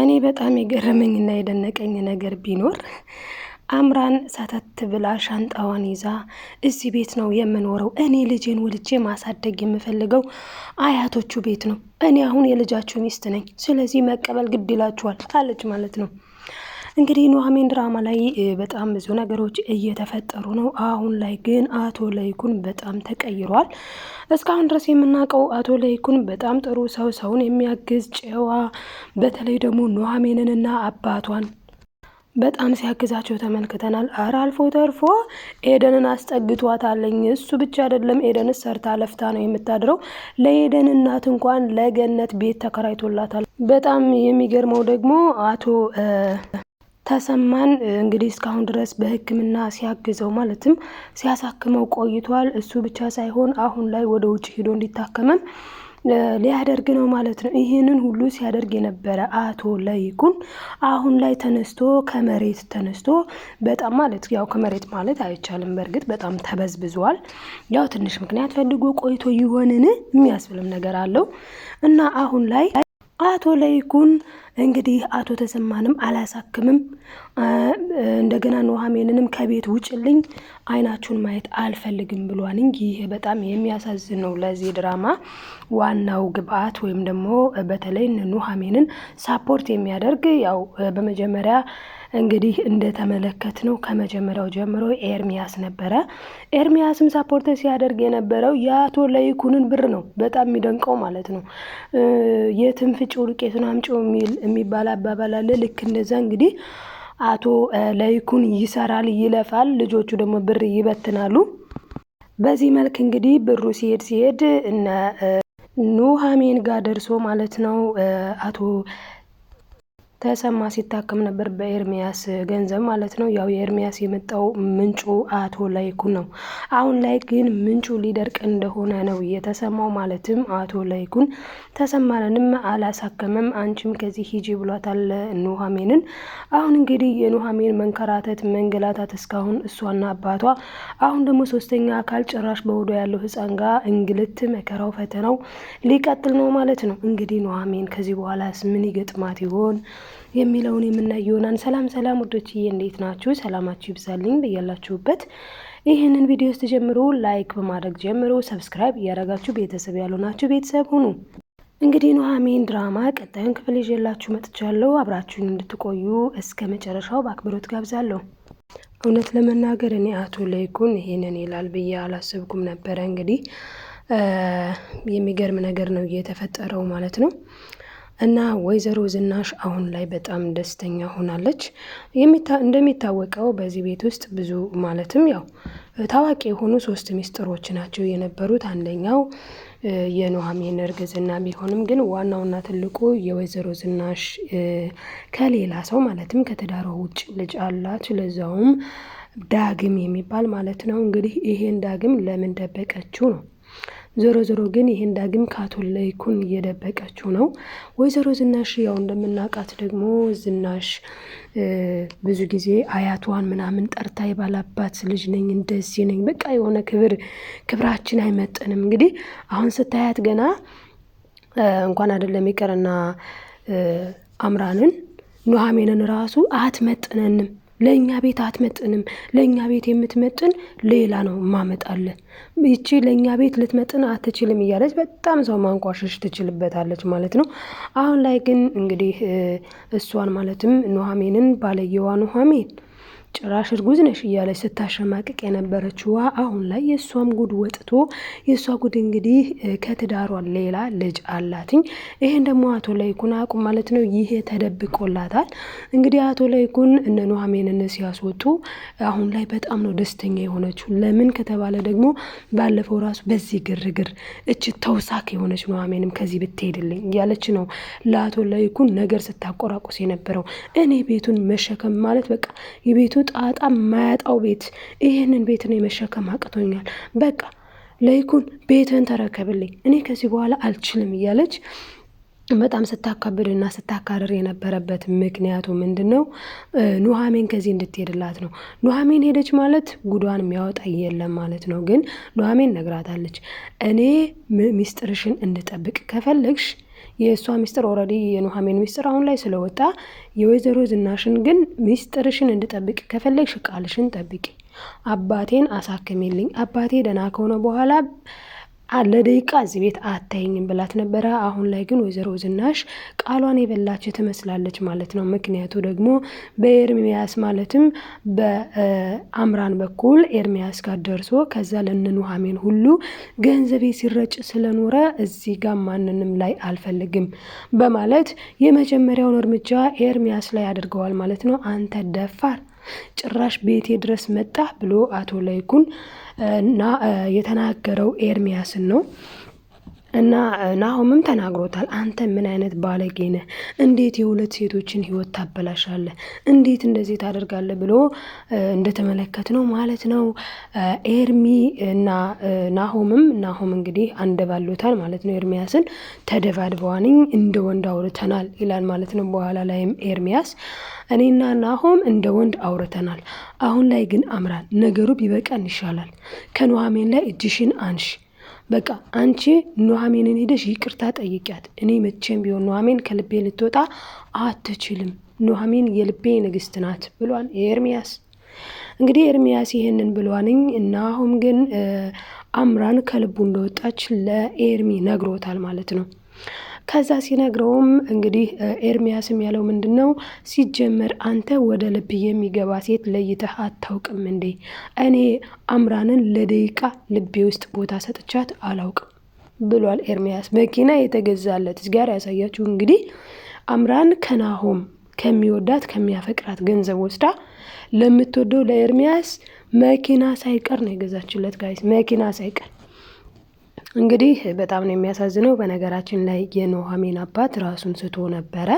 እኔ በጣም የገረመኝና የደነቀኝ ነገር ቢኖር አምራን ሰተት ብላ ሻንጣዋን ይዛ እዚህ ቤት ነው የምኖረው፣ እኔ ልጄን ወልጄ ማሳደግ የምፈልገው አያቶቹ ቤት ነው፣ እኔ አሁን የልጃችሁ ሚስት ነኝ፣ ስለዚህ መቀበል ግድ ይላችኋል አለች ማለት ነው። እንግዲህ ኑሐሚን ድራማ ላይ በጣም ብዙ ነገሮች እየተፈጠሩ ነው። አሁን ላይ ግን አቶ ለይኩን በጣም ተቀይሯል። እስካሁን ድረስ የምናውቀው አቶ ለይኩን በጣም ጥሩ ሰው፣ ሰውን የሚያግዝ ጨዋ፣ በተለይ ደግሞ ኑሐሚንንና አባቷን በጣም ሲያግዛቸው ተመልክተናል። አረ አልፎ ተርፎ ኤደንን አስጠግቷታለኝ። እሱ ብቻ አይደለም፣ ኤደን ሰርታ ለፍታ ነው የምታድረው። ለኤደን እናት እንኳን ለገነት ቤት ተከራይቶላታል። በጣም የሚገርመው ደግሞ አቶ ተሰማን እንግዲህ እስካሁን ድረስ በሕክምና ሲያግዘው ማለትም ሲያሳክመው ቆይቷል። እሱ ብቻ ሳይሆን አሁን ላይ ወደ ውጭ ሄዶ እንዲታከመም ሊያደርግ ነው ማለት ነው። ይህንን ሁሉ ሲያደርግ የነበረ አቶ ለይኩን አሁን ላይ ተነስቶ ከመሬት ተነስቶ በጣም ማለት ያው ከመሬት ማለት አይቻልም። በእርግጥ በጣም ተበዝብዟል። ያው ትንሽ ምክንያት ፈልጎ ቆይቶ ይሆንን የሚያስብልም ነገር አለው እና አሁን ላይ አቶ ለይኩን እንግዲህ አቶ ተሰማንም አላሳክምም፣ እንደገና ኑሐሚንንም ከቤት ውጭልኝ፣ አይናችሁን ማየት አልፈልግም ብሏንኝ። ይህ በጣም የሚያሳዝን ነው። ለዚህ ድራማ ዋናው ግብአት ወይም ደግሞ በተለይ ኑሐሚንን ሳፖርት የሚያደርግ ያው በመጀመሪያ እንግዲህ እንደተመለከት ነው ከመጀመሪያው ጀምሮ ኤርሚያስ ነበረ። ኤርሚያስም ሳፖርት ሲያደርግ የነበረው የአቶ ለይኩንን ብር ነው። በጣም የሚደንቀው ማለት ነው። የትንፍጭው ዱቄቱን አምጪው የሚባል አባባል አለ። ልክ እንደዛ እንግዲህ አቶ ለይኩን ይሰራል፣ ይለፋል፣ ልጆቹ ደግሞ ብር ይበትናሉ። በዚህ መልክ እንግዲህ ብሩ ሲሄድ ሲሄድ እነ ጋር ደርሶ ማለት ነው አቶ ተሰማ ሲታከም ነበር በኤርሚያስ ገንዘብ ማለት ነው። ያው የኤርሚያስ የመጣው ምንጩ አቶ ላይኩን ነው። አሁን ላይ ግን ምንጩ ሊደርቅ እንደሆነ ነው የተሰማው። ማለትም አቶ ላይኩን ተሰማንንም አላሳከመም፣ አንቺም ከዚህ ሂጂ ብሏታል ኑሐሜንን። አሁን እንግዲህ የኑሐሜን መንከራተት መንገላታት እስካሁን እሷና አባቷ፣ አሁን ደግሞ ሶስተኛ አካል ጭራሽ በወዶ ያለው ህፃን ጋር እንግልት መከራው ፈተናው ሊቀጥል ነው ማለት ነው። እንግዲህ ኑሐሜን ከዚህ በኋላስ ምን ይገጥማት ይሆን? የሚለውን የምናይ ይሆናል። ሰላም ሰላም ውዶችዬ፣ እንዴት ናችሁ? ሰላማችሁ ይብዛልኝ በያላችሁበት። ይህንን ቪዲዮ ስትጀምሩ ላይክ በማድረግ ጀምሮ ሰብስክራይብ እያደረጋችሁ ቤተሰብ ያልሆናችሁ ቤተሰብ ሁኑ። እንግዲህ ኑሐሚን ድራማ ቀጣዩን ክፍል ይዤላችሁ መጥቻለሁ። አብራችሁን እንድትቆዩ እስከ መጨረሻው በአክብሮት ጋብዛለሁ። እውነት ለመናገር እኔ አቶ ለይኩን ይሄንን ይላል ብዬ አላሰብኩም ነበረ። እንግዲህ የሚገርም ነገር ነው እየተፈጠረው ማለት ነው። እና ወይዘሮ ዝናሽ አሁን ላይ በጣም ደስተኛ ሆናለች። እንደሚታወቀው በዚህ ቤት ውስጥ ብዙ ማለትም ያው ታዋቂ የሆኑ ሶስት ሚስጥሮች ናቸው የነበሩት። አንደኛው የኑሐሚን እርግዝና ቢሆንም ግን ዋናውና ትልቁ የወይዘሮ ዝናሽ ከሌላ ሰው ማለትም ከትዳሯ ውጭ ልጅ አላት ለዛውም ዳግም የሚባል ማለት ነው። እንግዲህ ይሄን ዳግም ለምን ደበቀችው ነው ዞሮ ዞሮ ግን ይሄን ዳግም ካቶላይኩን እየደበቀችው ነው። ወይዘሮ ዝናሽ ያው እንደምናውቃት ደግሞ ዝናሽ ብዙ ጊዜ አያቷን ምናምን ጠርታ የባላባት ልጅ ነኝ እንደዚህ ነኝ በቃ የሆነ ክብር ክብራችን አይመጥንም። እንግዲህ አሁን ስታያት ገና እንኳን አይደለም ይቅርና አምራንን ኑሐሚንን ራሱ አትመጥነንም። ለእኛ ቤት አትመጥንም። ለእኛ ቤት የምትመጥን ሌላ ነው ማመጣለን። ይቺ ለእኛ ቤት ልትመጥን አትችልም እያለች በጣም ሰው ማንቋሸሽ ትችልበታለች ማለት ነው። አሁን ላይ ግን እንግዲህ እሷን ማለትም ኑሐሚንን ባለየዋ ኑሐሚን ጭራሽ እርጉዝ ነሽ እያለች ስታሸማቅቅ የነበረችዋ አሁን ላይ የእሷም ጉድ ወጥቶ የእሷ ጉድ እንግዲህ ከትዳሯ ሌላ ልጅ አላትኝ። ይሄን ደግሞ አቶ ላይኩን አቁም ማለት ነው። ይሄ ተደብቆላታል። እንግዲህ አቶ ላይኩን እነ ኑሐሚንን ሲያስወጡ አሁን ላይ በጣም ነው ደስተኛ የሆነችው። ለምን ከተባለ ደግሞ ባለፈው ራሱ በዚህ ግርግር እች ተውሳክ የሆነች ኑሐሚንም ከዚህ ብትሄድልኝ እያለች ነው ለአቶ ላይኩን ነገር ስታቆራቁስ የነበረው። እኔ ቤቱን መሸከም ማለት በቃ የቤቱ ጣጣ ማያጣው ቤት ይህንን ቤትን የመሸከም አቅቶኛል። በቃ ለይኩን ቤትን ተረከብልኝ፣ እኔ ከዚህ በኋላ አልችልም እያለች በጣም ስታካብድና ስታካርር የነበረበት ምክንያቱ ምንድን ነው? ኑሐሚን ከዚህ እንድትሄድላት ነው። ኑሐሚን ሄደች ማለት ጉዷን የሚያወጣ የለም ማለት ነው። ግን ኑሐሚን ነግራታለች፣ እኔ ሚስጥርሽን እንድጠብቅ ከፈለግሽ የእሷ ሚስጥር ኦልሬዲ የኑሐሚን ሚስጥር አሁን ላይ ስለወጣ የወይዘሮ ዝናሽን ግን ሚስጥርሽን እንድጠብቅ ከፈለግሽ ቃልሽን ጠብቂ፣ አባቴን አሳክሚልኝ፣ አባቴ ደህና ከሆነ በኋላ ለደቂቃ እዚህ ቤት አታይኝም ብላት ነበረ። አሁን ላይ ግን ወይዘሮ ዝናሽ ቃሏን የበላች ትመስላለች ማለት ነው። ምክንያቱ ደግሞ በኤርሚያስ ማለትም በአምራን በኩል ኤርሚያስ ጋር ደርሶ ከዛ ለንኑሃሜን ሁሉ ገንዘቤ ሲረጭ ስለኖረ እዚህ ጋር ማንንም ላይ አልፈልግም በማለት የመጀመሪያውን እርምጃ ኤርሚያስ ላይ አድርገዋል ማለት ነው። አንተ ደፋር ጭራሽ ቤቴ ድረስ መጣ ብሎ አቶ ላይኩን እና የተናገረው ኤርሚያስን ነው። እና ናሆምም ተናግሮታል። አንተ ምን አይነት ባለጌ ነህ? እንዴት የሁለት ሴቶችን ህይወት ታበላሻለህ? እንዴት እንደዚህ ታደርጋለህ? ብሎ እንደተመለከት ነው ማለት ነው። ኤርሚ እና ናሆምም ናሆም እንግዲህ አንደባሉታል ማለት ነው። ኤርሚያስን ተደባድበዋንኝ እንደ ወንድ አውርተናል ይላል ማለት ነው። በኋላ ላይም ኤርሚያስ እኔና ናሆም እንደ ወንድ አውርተናል፣ አሁን ላይ ግን አምራን ነገሩ ቢበቃን ይሻላል። ከኑሐሚን ላይ እጅሽን አንሽ። በቃ አንቺ ኑሐሚንን ሄደሽ ይቅርታ ጠይቂያት። እኔ መቼም ቢሆን ኑሐሚን ከልቤ ልትወጣ አትችልም። ኑሐሚን የልቤ ንግስት ናት ብሏል ኤርሚያስ። እንግዲህ ኤርሚያስ ይህንን ብሏንኝ እና አሁን ግን አምራን ከልቡ እንደወጣች ለኤርሚ ነግሮታል ማለት ነው። ከዛ ሲነግረውም እንግዲህ ኤርሚያስም ያለው ምንድን ነው ሲጀመር አንተ ወደ ልብ የሚገባ ሴት ለይተህ አታውቅም እንዴ? እኔ አምራንን ለደቂቃ ልቤ ውስጥ ቦታ ሰጥቻት አላውቅም ብሏል ኤርሚያስ። መኪና የተገዛለት ጋር ያሳያችሁ እንግዲህ አምራን ከናሆም ከሚወዳት ከሚያፈቅራት ገንዘብ ወስዳ ለምትወደው ለኤርሚያስ መኪና ሳይቀር ነው የገዛችለት። ጋይስ መኪና ሳይቀር እንግዲህ በጣም ነው የሚያሳዝነው። በነገራችን ላይ የኑሐሚን አባት ራሱን ስቶ ነበረ።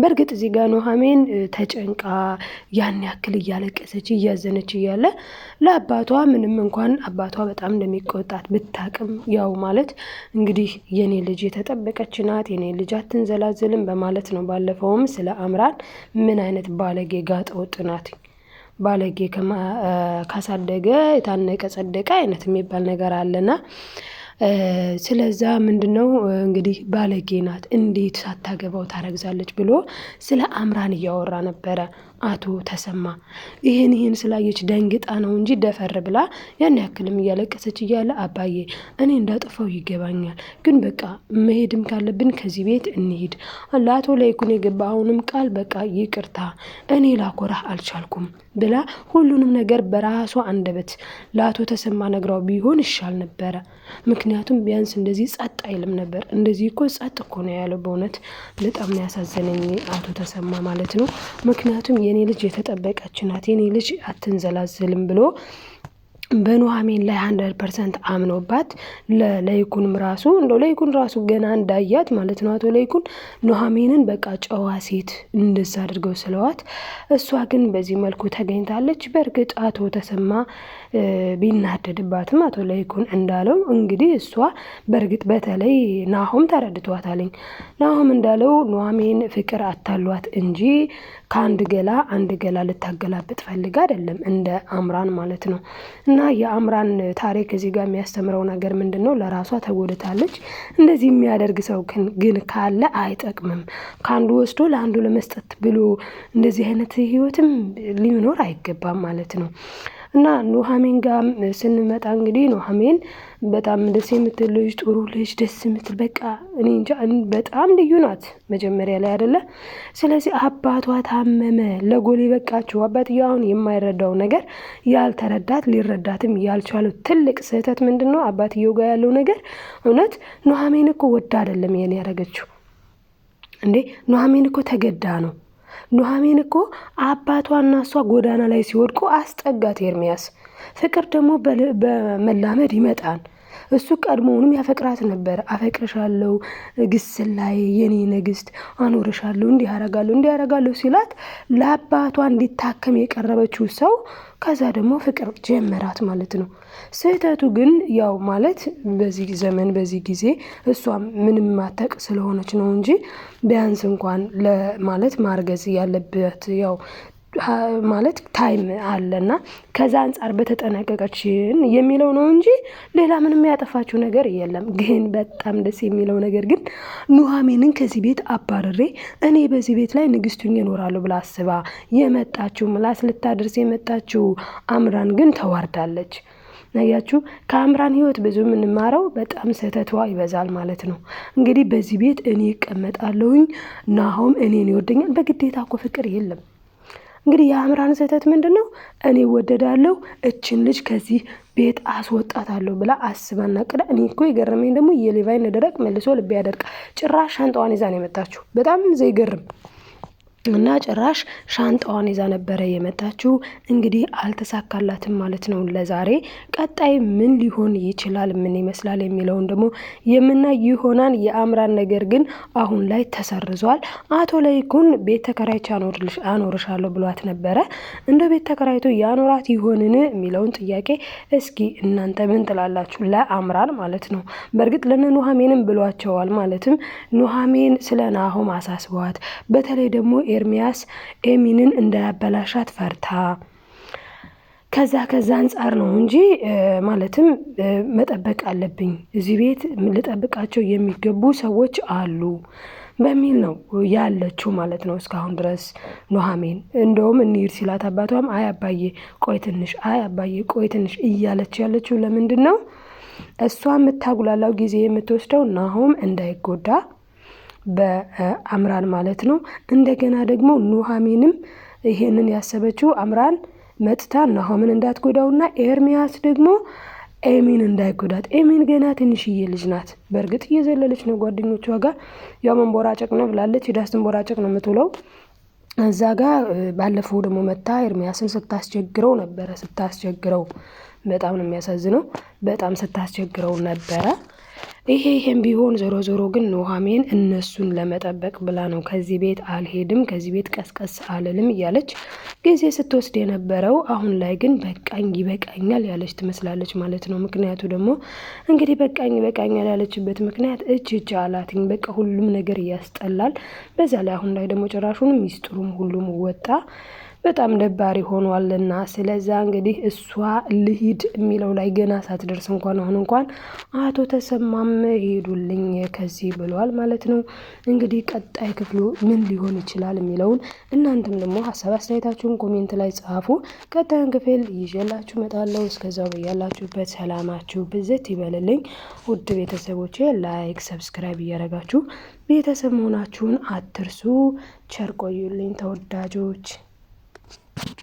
በእርግጥ እዚህ ጋር ኑሐሚን ተጨንቃ ያን ያክል እያለቀሰች እያዘነች እያለ ለአባቷ ምንም እንኳን አባቷ በጣም እንደሚቆጣት ብታቅም፣ ያው ማለት እንግዲህ የኔ ልጅ የተጠበቀች ናት፣ የኔ ልጅ አትንዘላዝልም በማለት ነው። ባለፈውም ስለ አምራን ምን አይነት ባለጌ ጋጠ ወጥ ናት ባለጌ ካሳደገ የታነቀ ጸደቀ አይነት የሚባል ነገር አለና ስለዛ ምንድነው እንግዲህ ባለጌ ናት እንዴት ሳታገባው ታረግዛለች ብሎ ስለ አምራን እያወራ ነበረ አቶ ተሰማ። ይህን ይህን ስላየች ደንግጣ ነው እንጂ ደፈር ብላ ያን ያክልም እያለቀሰች እያለ አባዬ እኔ እንዳጠፋው ይገባኛል፣ ግን በቃ መሄድም ካለብን ከዚህ ቤት እንሂድ። ለአቶ ላይኩን አሁንም ቃል በቃ ይቅርታ እኔ ላኮራህ አልቻልኩም ብላ ሁሉንም ነገር በራሷ አንደበት ለአቶ ተሰማ ነግራው ቢሆን ይሻል ነበረ ምክንያት ምክንያቱም ቢያንስ እንደዚህ ጸጥ አይልም ነበር። እንደዚህ እኮ ጸጥ እኮ ነው ያለው። በእውነት በጣም ነው ያሳዘነኝ አቶ ተሰማ ማለት ነው። ምክንያቱም የኔ ልጅ የተጠበቀች ናት፣ የኔ ልጅ አትንዘላዝልም ብሎ በኑሐሚን ላይ ሀንድረድ ፐርሰንት አምኖባት ለለይኩንም ራሱ እንደው ለይኩን ራሱ ገና እንዳያት ማለት ነው አቶ ለይኩን ኑሐሚንን በቃ ጨዋ ሴት እንደዛ አድርገው ስለዋት፣ እሷ ግን በዚህ መልኩ ተገኝታለች። በእርግጥ አቶ ተሰማ ቢናደድባትም አቶ ለይኩን እንዳለው እንግዲህ እሷ በእርግጥ በተለይ ናሆም ተረድቷታለኝ። ናሆም እንዳለው ኑሐሚን ፍቅር አታሏት እንጂ ከአንድ ገላ አንድ ገላ ልታገላብጥ ፈልግ አይደለም፣ እንደ አምራን ማለት ነው። እና የአምራን ታሪክ እዚህ ጋር የሚያስተምረው ነገር ምንድን ነው? ለራሷ ተጎድታለች። እንደዚህ የሚያደርግ ሰው ግን ካለ አይጠቅምም። ከአንዱ ወስዶ ለአንዱ ለመስጠት ብሎ እንደዚህ አይነት ህይወትም ሊኖር አይገባም ማለት ነው። እና ኑሐሚን ጋር ስንመጣ እንግዲህ ኑሐሚን በጣም ደስ የምትል ልጅ፣ ጥሩ ልጅ፣ ደስ የምትል በቃ እኔ እንጃ በጣም ልዩ ናት። መጀመሪያ ላይ አይደለ? ስለዚህ አባቷ ታመመ፣ ለጎል የበቃችው አባትየው አሁን የማይረዳው ነገር ያልተረዳት ሊረዳትም ያልቻሉት ትልቅ ስህተት ምንድን ነው? አባትየው ጋር ያለው ነገር እውነት ኑሐሚን እኮ ወዳ አይደለም ይሄን ያደረገችው እንዴ ኑሐሚን እኮ ተገዳ ነው ኑሐሚን እኮ አባቷና እሷ ጎዳና ላይ ሲወድቁ አስጠጋት ኤርሚያስ። ፍቅር ደግሞ በመላመድ ይመጣል። እሱ ቀድሞውንም ያፈቅራት ነበር አፈቅርሻለሁ፣ ላይ የኔ ንግስት፣ አኖርሻለሁ፣ እንዲህ ያረጋለሁ፣ እንዲህ ያረጋለሁ ሲላት ለአባቷ እንዲታከም የቀረበችው ሰው ከዛ ደግሞ ፍቅር ጀመራት ማለት ነው። ስህተቱ ግን ያው ማለት በዚህ ዘመን በዚህ ጊዜ እሷ ምንም ማታቅ ስለሆነች ነው እንጂ ቢያንስ እንኳን ለማለት ማርገዝ ያለበት ያው ማለት ታይም አለና ከዛ አንጻር በተጠናቀቀችን የሚለው ነው እንጂ ሌላ ምንም ያጠፋችው ነገር የለም። ግን በጣም ደስ የሚለው ነገር ግን ኑሐሚንን ከዚህ ቤት አባርሬ እኔ በዚህ ቤት ላይ ንግስቱን ይኖራሉ ብላ አስባ የመጣችው ምላስ ልታደርስ የመጣችው አምራን ግን ተዋርዳለች። ነያችሁ ከአምራን ህይወት ብዙ የምንማረው በጣም ስህተቷ ይበዛል ማለት ነው። እንግዲህ በዚህ ቤት እኔ እቀመጣለሁኝ ናሆም እኔን ይወደኛል። በግዴታ እኮ ፍቅር የለም። እንግዲህ የአምራን ስህተት ምንድን ነው? እኔ ወደዳለሁ እችን ልጅ ከዚህ ቤት አስወጣታለሁ ብላ አስባና ቅዳ። እኔ እኮ የገረመኝ ደግሞ የሌቫይን ደረቅ መልሶ ልቤ ያደርቃል። ጭራሽ ሻንጣዋን ይዛ ነው የመጣችው። በጣም ዘይገርም እና ጭራሽ ሻንጣዋን ይዛ ነበረ የመጣችው። እንግዲህ አልተሳካላትም ማለት ነው ለዛሬ። ቀጣይ ምን ሊሆን ይችላል፣ ምን ይመስላል የሚለውን ደግሞ የምናይ ይሆናል። የአምራን ነገር ግን አሁን ላይ ተሰርዟል። አቶ ለይኩን ቤት ተከራይቼ አኖርሻለሁ ብሏት ነበረ። እንደ ቤት ተከራይቶ ያኖራት ይሆንን የሚለውን ጥያቄ እስኪ እናንተ ምን ትላላችሁ? ለአምራን ማለት ነው። በእርግጥ ለነ ኑሐሜንም ብሏቸዋል። ማለትም ኑሐሜን ስለ ናሆም አሳስበዋት በተለይ ደግሞ ኤርሚያስ ኤሚንን እንዳያበላሻት ፈርታ ከዛ ከዛ አንጻር ነው እንጂ ማለትም መጠበቅ አለብኝ እዚህ ቤት ልጠብቃቸው የሚገቡ ሰዎች አሉ በሚል ነው ያለችው ማለት ነው። እስካሁን ድረስ ኑሐሚን እንደውም እንሂድ ሲላት አባቷም አይ አባዬ ቆይ ትንሽ፣ አይ አባዬ ቆይ ትንሽ እያለች ያለችው ለምንድን ነው? እሷ የምታጉላላው ጊዜ የምትወስደው ናሆም እንዳይጎዳ በአምራን ማለት ነው። እንደገና ደግሞ ኑሐሚንም ይሄንን ያሰበችው አምራን መጥታ ናሆምን እንዳትጎዳውና ኤርሚያስ ደግሞ ኤሚን እንዳይጎዳት። ኤሚን ገና ትንሽዬ ልጅ ናት። በእርግጥ እየዘለለች ነው ጓደኞቿ ጋር ያው መንቦራጨቅ ነው ብላለች። የዳስትን ቦራጨቅ ነው የምትውለው። እዛ ጋር ባለፈው ደግሞ መታ ኤርሚያስን ስታስቸግረው ነበረ። ስታስቸግረው በጣም ነው የሚያሳዝነው። በጣም ስታስቸግረው ነበረ። ይሄ ይሄም ቢሆን ዞሮ ዞሮ ግን ኑሐሚን እነሱን ለመጠበቅ ብላ ነው ከዚህ ቤት አልሄድም፣ ከዚህ ቤት ቀስቀስ አልልም እያለች ጊዜ ስትወስድ የነበረው አሁን ላይ ግን በቃኝ ይበቃኛል ያለች ትመስላለች ማለት ነው። ምክንያቱ ደግሞ እንግዲህ በቃኝ ይበቃኛል ያለችበት ምክንያት እች እች አላትኝ በቃ ሁሉም ነገር ያስጠላል። በዛ ላይ አሁን ላይ ደግሞ ጭራሹን ሚስጥሩም ሁሉም ወጣ። በጣም ደባሪ ሆኗልና ስለዛ እንግዲህ እሷ ልሂድ የሚለው ላይ ገና ሳትደርስ እንኳን አሁን እንኳን አቶ ተሰማም ሄዱልኝ ከዚህ ብለዋል ማለት ነው። እንግዲህ ቀጣይ ክፍሉ ምን ሊሆን ይችላል የሚለውን እናንተም ደግሞ ሀሳብ አስተያየታችሁን ኮሜንት ላይ ጻፉ። ቀጣዩን ክፍል ይዤላችሁ እመጣለሁ። እስከዛው በያላችሁበት ሰላማችሁ ብዝት ይበልልኝ። ውድ ቤተሰቦቼ ላይክ፣ ሰብስክራይብ እያደረጋችሁ ቤተሰብ መሆናችሁን አትርሱ። ቸር ቆዩልኝ ተወዳጆች። Thank you.